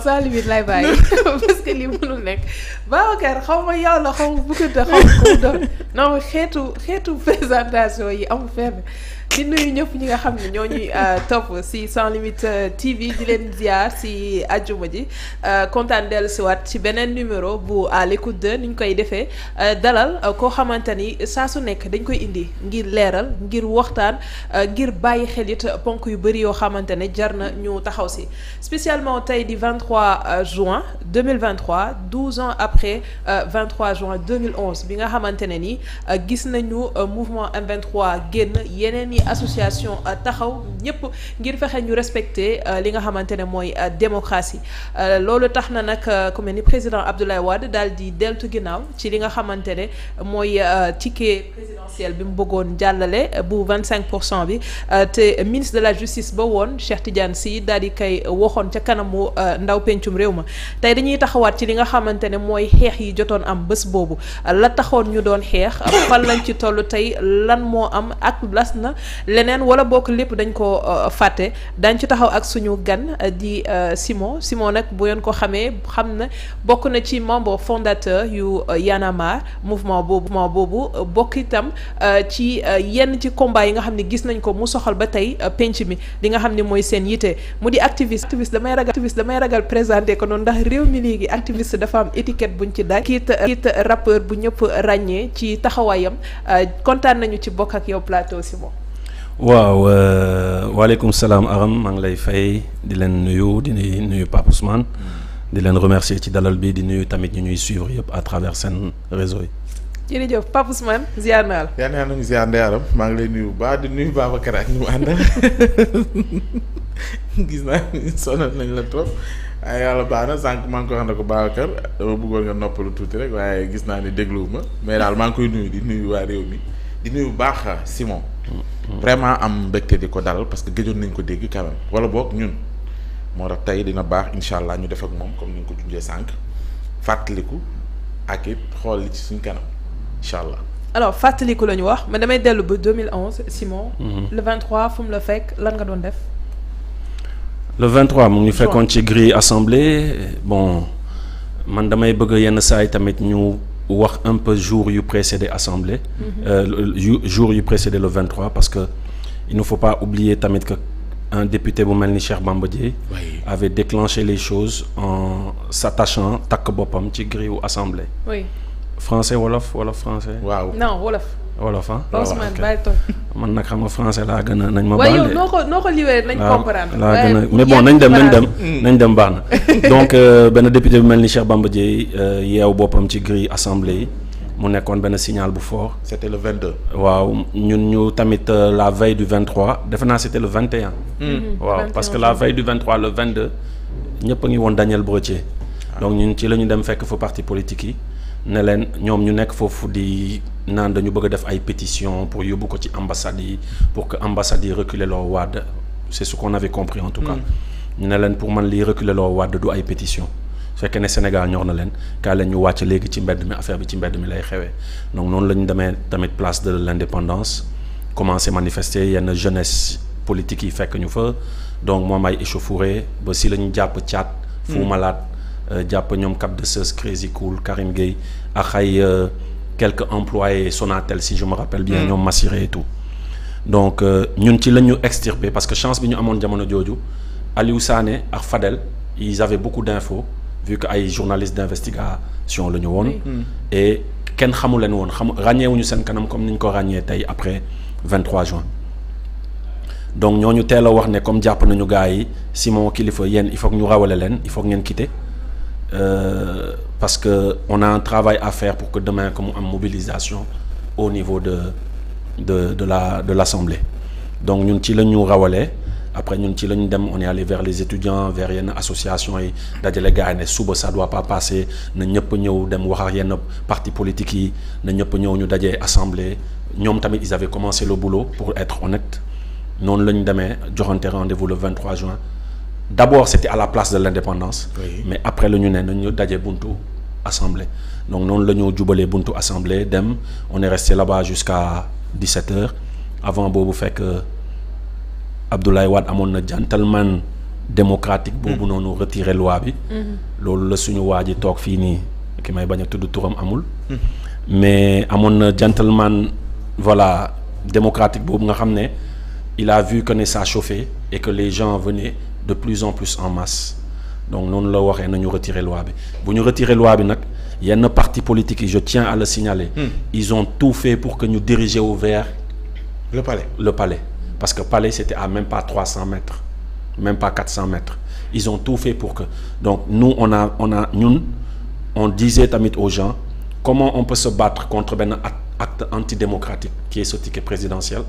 sans limite lay bàyyi parce que lii mënul nekk Babacar xaw ma yow la xaw ma bëgg a xaw ma ko doon non xeetu xeetu présentation yi amul fenn di nuyu ñëpp ñi nga xam ne ñoo ñuy euh, topp ci cent limite euh, TV di leen ziar euh, si ajjuma ji kontaan dellusiwaat ci beneen numéro bu à l'écoute de ni koy defee dalal koo xamante ni saa su nekk dañ koy indi ngir leeral ngir waxtaan ngir bàyyi xel it ponk yu bëri yoo xamante ne jar na ñu taxaw si spécialement tey di 23 juin 2023 12 ans après 23 juin 2011 bi nga xamante ne ni gis nañu mouvement M23 génn yeneen association euh, taxaw ñëpp ngir fexe ñu respecter euh, li nga xamante ne mooy euh, démocratie loolu tax na nag ku mel ni président Abdoulaye Wade daal di deltu ginnaaw ci li nga xamante ne mooy ticket présidentiel bi mu bëggoon jàllale bu vingt cinq pour cent bi te ministre de la justice ba woon Cheikh Tidiane Sy daal di koy waxoon ca kanamu ndaw pencum réew ma tey dañuy taxawaat ci li nga xamante ne mooy xeex yi jotoon am bés boobu la taxoon ñu doon xeex fan lañ ci toll tey lan moo am ak na leneen wala bokk lépp dañ ko euh, fàtte dañ ci taxaw ak suñu gan euh, di Simon euh, Simon nag bu ngeen ko xamee xam ne bokk na ci membre fondateurs yu Y'en mouvement boobu mouvement boobu bokk itam ci yenn ci combat yi nga xam ne gis nañ ko mu soxal ba tey penc mi li nga xam ni mooy seen yitte mu di activiste activiste damay ragal damay ragal présenté ko noonu ndax réew mi léegi activiste dafa am étiquette buñ ci daaj kiit kiit rappeur bu ñëpp ràññee ci taxawaayam kontaan nañu ci bokk ak yow plateau waaw euh, waaleykum salaam Aram maa ngi lay fay di leen nuyu di nuyu Pape Ousmane di leen remercier ci dalal bi di nuyu tamit ñu ñuy suivre yëpp à travers seen réseau yi. jërëjëf Pape Ousmane ziar naa la. yaa ngi naan ziar Ndeye Aram maa ngi lay nuyu bu baax di nuyu Babacar ak ñu mu àndal gis naa sonal nañ la trop ay yàlla baax na sànq maa ngi koy wax ne ko Babacar dama bëggoon nga noppalu tuuti rek waaye gis naa ne dégluwuma mais daal maa ngi koy nuyu di nuyu waa réew mi di nuyu bu baax Simon. vraiment am mbégte di ko dalal parce que gëjoon nañ ko dégg quand même wala boog ñun moo tax tey dina baax incha ñu def ak moom comme ni nga ko junjee sànq fàttaliku ak it xool li ci suñ kanam incha allah. alors fàttaliku la wax mais damay dellu ba 2011 Simon. Mhm. le 23 fu la fekk lan nga doon def. le 23 mu ngi fekkoon ci grille assemblée bon man damay bëgg yenn saa yi ñu. wax un peu jour yu précédé assemblée. Mhm. Euh, yu jour yu précédé le 23 parce que il ne faut pas oublier tamit que un député bu mel ni Cheikh Bamba Dièye avait déclenché les choses en s'attachant takk boppam ci grille assemblée. oui français wolof wolof français. waaw wolof ah. man nag xam nga français laa gën a nañ ma. baal laa gën a mais bon nañ dem nañ dem. nañ dem baax donc euh, benn député bu mel ni Cheikh Bamba Dièye euh, yeew boppam ci grille assemblée yi mu nekkoon benn signal bu fort. c'était le 22. waaw ñun ñu tamit euh, la veille du 23 defe naa c'était le 21. Hmm. Mhm, waaw parce que la veille du 23 le 22 ñëpp a ngi woon Daniel Bretier. Ah. donc ñun ci la ñu dem fekk fa parti politique yi. ne leen ñoom ñu nekk foofu di naan dañu bëgg a def ay pétition pour yóbbu ko ci ambassade yi pour que ambassade yi reculer loo wadd c'est ce qu'on avait compris en tout cas ñu hmm. leen pour man lii reculer loo wadd du ay pétition su fekkee ne Sénégal ñor na leen kaa leen ñu wàcc léegi ci mbedd mi affaire bi ci mbedd mi lay xewee donc noonu lañu demee tamit place de l'indépendance commencé manifester yenn jeunesse politique yi fekk ñu fa donc moom ay échauffourée ba si la ñu jàpp caat hmm. fu malaat Euh, jàpp ñoom Cap de Seus Crazy Cool Karim a ak ay euh, quelques employés Sonatel si je me rappelle bien mm. ñoom Massiré et tout donc euh, ñun ci lañu ñu parce que chance bi ñu amoon jamono jooju Aliou Sané ak Fadel ils avaient beaucoup d'infos vu que ay journalistes d'investigation la ñu woon mm. et kenn xamu leen woon xam ràññeewuñu seen kanam comme ni ñu ko ràññee tey après 23 juin donc ñooñu teel a wax ne comme jàpp nañu gars yi Simon kilifa yéen il faut ñu rawale leen il faut que ngeen euh, parce que on a un travail à faire pour que demain que mu am mobilisation au niveau de de de la de l'Assemblée donc ñun ci la ñu rawalee après ñun ci la ñu dem on est allé vers les étudiants vers yenn association yi dajale gars ne suba ça doit pas passer na ñëpp ñëw dem wax ak yenn parti politique yi na ñëpp ñëw ñu dajee assemblée ñoom tamit ils avaient commencé le boulot pour être honnête noonu la ñu demee joxante rendez-vous le 23 juin d'abord c'était à la place de l'indépendance oui. mais après la ñu ne nañu daje buntu assemblée donc noonu la ñu jubalee buntu assemblée dem on est resté là-bas jusqu'à 17 heures avant boobu fekk euh, Abdoulaye Wade amoon na gentleman démocratique boobu mm. noonu retiré loi bi mm-hmm. loolu la suñu waa ji toog fii nii ki may bañ a tudd turam amul mm-hmm. mais amoon na gentleman voilà démocratique boobu nga xam ne il a vu que ne ça chauffait et que les gens venaient de plus en plus en masse donc noonu la waxee nañu retirer loi bi bu ñu retirer loi bi nag yenn parti politique yi je tiens à le signaler hmm. ils ont tout fait pour que ñu diriger au vers le palais le palais parce que palais c'était à même pas 300 mètres même pas 400 mètres ils ont tout fait pour que donc nous on a on a ñun on disait tamit aux gens comment on peut se battre contre benn acte antidémocratique qui est ce ticket présidentiel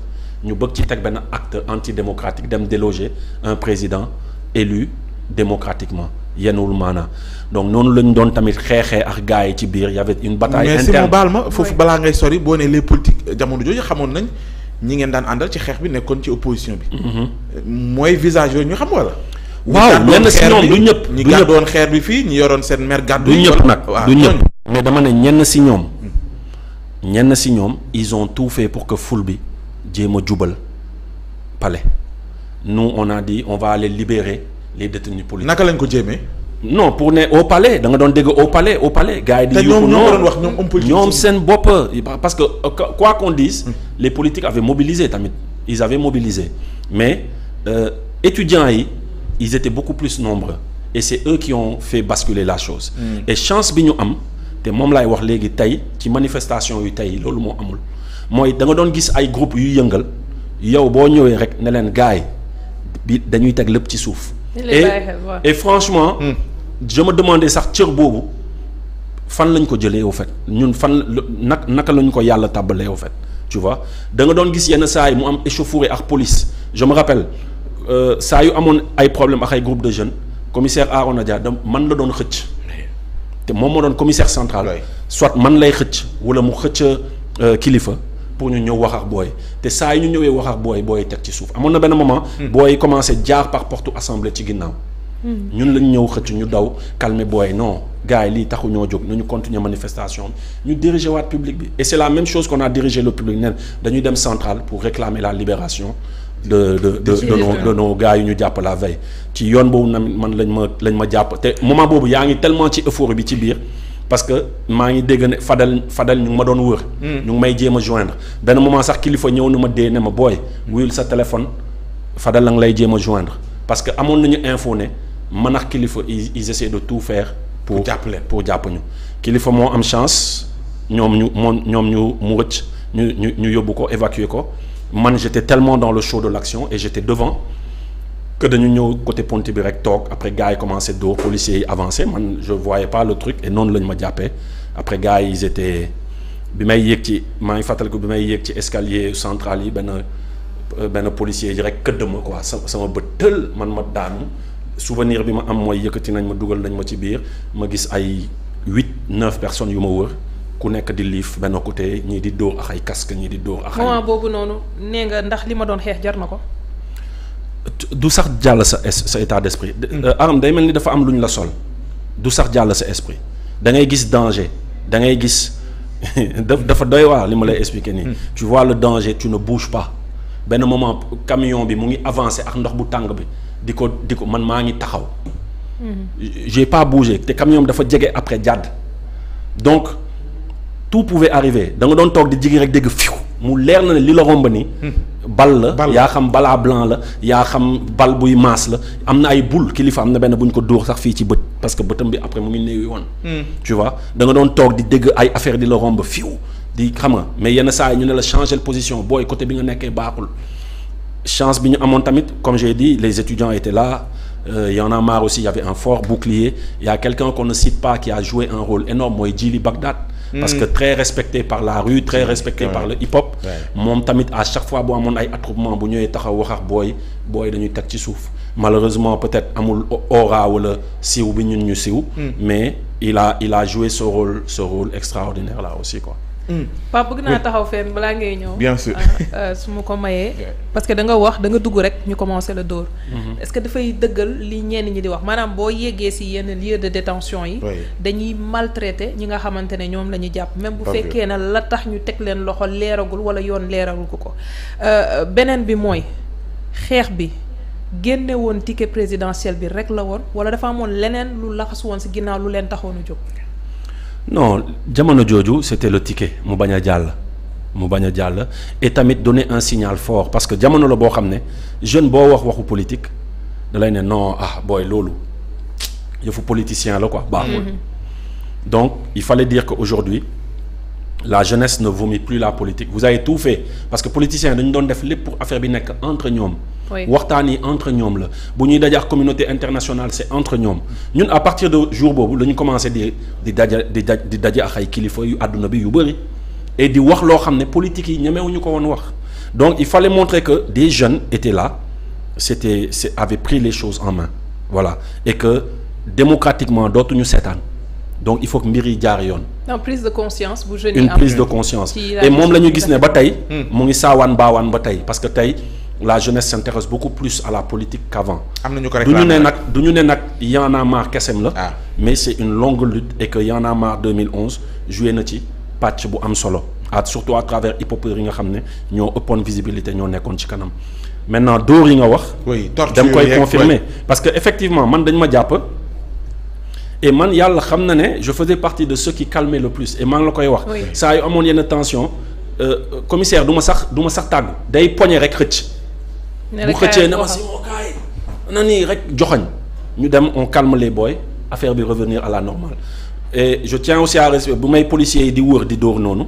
ñu bëgg ci teg benn acte antidémocratique dem déloger un président élu démocratiquement yenwul maanaa donc noonu la doon tamit xeexee ak gars yi ci biir y avait une bataille interne mais si foofu balaa ngay sori boo nee les politiques euh, jamono jooju xamoon nañ ñi ngeen daan àndal ci xeex bi nekkoon ci opposition bi. Mm-hmm. mooy visage yooyu ñu xam wala. waaw lenn si ñoom du ñëpp ñi gàddoon xeer bi fii ñi yoroon seen mer gàddu. du ñëpp nag du ñëpp mais dama ne ñenn si ñoom. Mm. ñenn si ñoom ils ont tout fait pour bi. jéem a jubal palais nous on a di on va aller libérer les détenus politiques. naka lañ ko jéemee. non pour ne au palais da nga doon dégg au palais au palais gars yi di. yóbbu noonu wax ñoom seen bopp. parce que quoi qu'on dise. Hmm. les politiques avaient mobilisé tamit ils avaient mobilisé mais euh, étudiants yi ils étaient beaucoup plus nombreux et c'est eux qui ont fait basculer la chose. Hmm. et chance bi ñu am te moom laay wax léegi tey ci manifestation yu tey loolu moo amul. mooy da doon gis ay groupe yu yëngal yow boo ñëwee rek ne leen gars yi bi dañuy teg lépp ci suuf. et et franchement. Hmm. je me demandais sax cër boobu fan lañ ko jëlee au fait ñun fan nak naka lañ ko yàlla tàbbalee au fait tu vois da nga doon gis yenn saa yi mu am échauffourée ak police je me rappelle euh, saa yu amoon ay problème ak ay groupe de jeunes commissaire Arona Dia da man la doon xëcc. te moom moo doon commissaire central. soit man lay xëcc wala mu xëcc euh, kilifa. pour ñu ñëw wax booy te saa yi ñu ñëwee wax booy booy teg ci suuf amoon na benn moment. Hmm. booy commencé jaar par porte assemblée ci ginnaaw. Hmm. ñun lañ ñëw xëcc ñu daw calmer booy non gars yi lii taxu ñoo jóg ñu continuer manifestation bi ñu diriger waat public bi et c'est la même chose qu'on a dirigé le public nen dañuy dem centrale pour réclamer la libération. de de de de nos de gars yi ñu jàpp la veille ci yoon boobu na man lañ ma lañ ma jàpp te moment boobu yaa ngi tellement ci euphorie bi ci biir. parce que maa ngi dégg ne Fadel Fadel ñu ngi ma doon wër. Hmm. ñu ngi may jéem a joindre benn moment sax kilifa ñëw na ma dee ne ma booy. wuyul sa téléphone Fadel la nga lay jéem a joindre parce que amoon nañu info ne man ak kilifa ils essaient de tout faire. pour jàppale pour jàpp ñu. kilifa moo am chance ñoom ñu moom ñoom ñu mu wëcc ñu ñu ñu yóbbu ko évacuer ko man j'étais tellement dans le show de l'action et j'étais devant. que dañu ñëw côté pont bi rek toog après gars yi commencé dóor policiers yi avancé man je voyais pas le truc et noonu la ma jàppee après gars yi ils bi may yéeg ci maa ngi fàttaliku bi may yéeg ci escalier centrale yi benn euh, benn policier yi rek këdd ma quoi sa sama bët tël man ma daanu souvenir bi ma am mooy yëkkati nañ ma dugal nañ ma ci biir ma gis ay huit neuf personnes yu ma wër ku nekk di liif benn côté ñii di dóor ak ay casque ñii di dóor a ay moment boobu noonu nee nga ndax li ma doon xeex jar na ko du sax jàll sa sa état d'esprit. Mm. Euh, aram day mel ni dafa am lu ñu la sol du sax jàll sa esprit da ngay gis danger da ngay gis dafa doy waa li ma lay expliquer nii. Mm. tu vois le danger tu ne bouges pas benn moment camion bi mu ngi avancé ak ndox bu tàng bi di ko di ko man maa ngi taxaw. Mm. j'ai pas bougé te camion bi dafa jege après jàdd donc tout pouvait arriver danga doon toog di jigi rek dégg fiw mu leer na li la romb ni hmm. bal la yaa xam balaa blanc la yaa xam bal buy maas la am na ay bul kilifa am na benn bu ñu ko dóor sax fii ci bët parce que bëtam bi après mu ngi néewi woon hmm. tu vois da doon toog di dégg ay affaire di la romb fiw di xam nga mais yenn saa yi ñu ne la changer position booy côté bi nga nekkee baaxul chance bi ñu amoon tamit comme j'ai dit les étudiants étaient là euh, y en a marre aussi il y avait un fort bouclier il y a quelqu'un qu'on ne cite pas qui a parce que très respecté par la rue très respecté par le hip hop moom tamit à chaque fois boo amoon ay attroupement bu ñëwee taxaw wax ak booy booy dañuy teg ci suuf malheureusement peut-être amul aura wala siiw bi ñun ñu siiw hmm. mais il a il a joué ce rôle ce rôle extraordinaire là aussi ko Mm. Pape bëgg naa taxaw fenn balaa ngay ñëw. bien sûr ah, euh, su ma ko mayee. parce que da nga wax da nga dugg rek ñu commencé la dóor. Mm-hmm. est-ce que dafay dëggal li ñenn ñi di wax maanaam boo yeggee ci yenn lieu de détention yi. dañuy maltraité ñi nga xamante ne ñoom la jàpp. même bu fekkee na la tax ñu teg leen loxo leeragul walla yoon leeragul ko ko. Euh, beneen bi mooy xeex bi. génne woon ticket présidentiel bi rek la woon wala dafa amoon leneen lu laxas woon ci ginnaaw lu leen taxoon a jóg. non jamono jooju c'était le ticket mu bañ a jàll mu bañ a jàll et tamit donner un signal fort parce que jamono la boo xam ne jeune boo wax waxu politique da lay ne non ah booy loolu yëfu politicien la quoi baaxul mm-hmm. donc il fallait dire que aujourd'hui la jeunesse ne vomit plus la politique vous avez tout fait parce que politiciens dañu doon def lépp pour affaire bi nekk entre ñoom. waxtaan yi entre ñoom la bu ñuy dajax communauté internationale c'est entre ñoom ñun a partir de jour boobu la ñu commencé di di di daj di daje ak ay kilifa yu àdduna bi yu bëri et di wax loo xam ne politique yi ñemewuñu ko woon wax donc il fallait montrer que des jeunes étaient là c'était c'est avaient pris les choses en main voilà et que démocratiquement dootuñu seetaan. donc il faut que yi jaar yoon. une prise de conscience bu jeune une et moom la ñu gis ne ba tey. Hmm. mu ngi saawaan baawaan ba tey parce que tey la jeunesse s'intéresse beaucoup plus à la politique qu'avant. am na ñu ko du ñu ne nag du ñu ne nag y en a marre kesem la. Ah. mais c'est une longue lutte et que y en a marre 2011 joué na ci pàcc bu am solo ah surtout à travers hip-hopeurs yi nga xam ne ñoo ëppoon visibilité ñoo nekkoon ci kanam maintenant dóor yi nga wax. oui dama koy confirmer parce que effectivement man dañ ma jàpp. et man yàlla xam na ne je faisais partie de ceux qui calmaient le plus et maa la koy wax. saa yu amoon yenn tension euh, commissaire duma sax duma sax tàggu day poñe rek xëcc. bu xëccee ne ma si moo oh, kaay na nii rek joxoñ ñu dem on calme les boys affaire bi revenir à la normale et je tiens aussi à respect bu may policiers yi di wër di dóor noonu.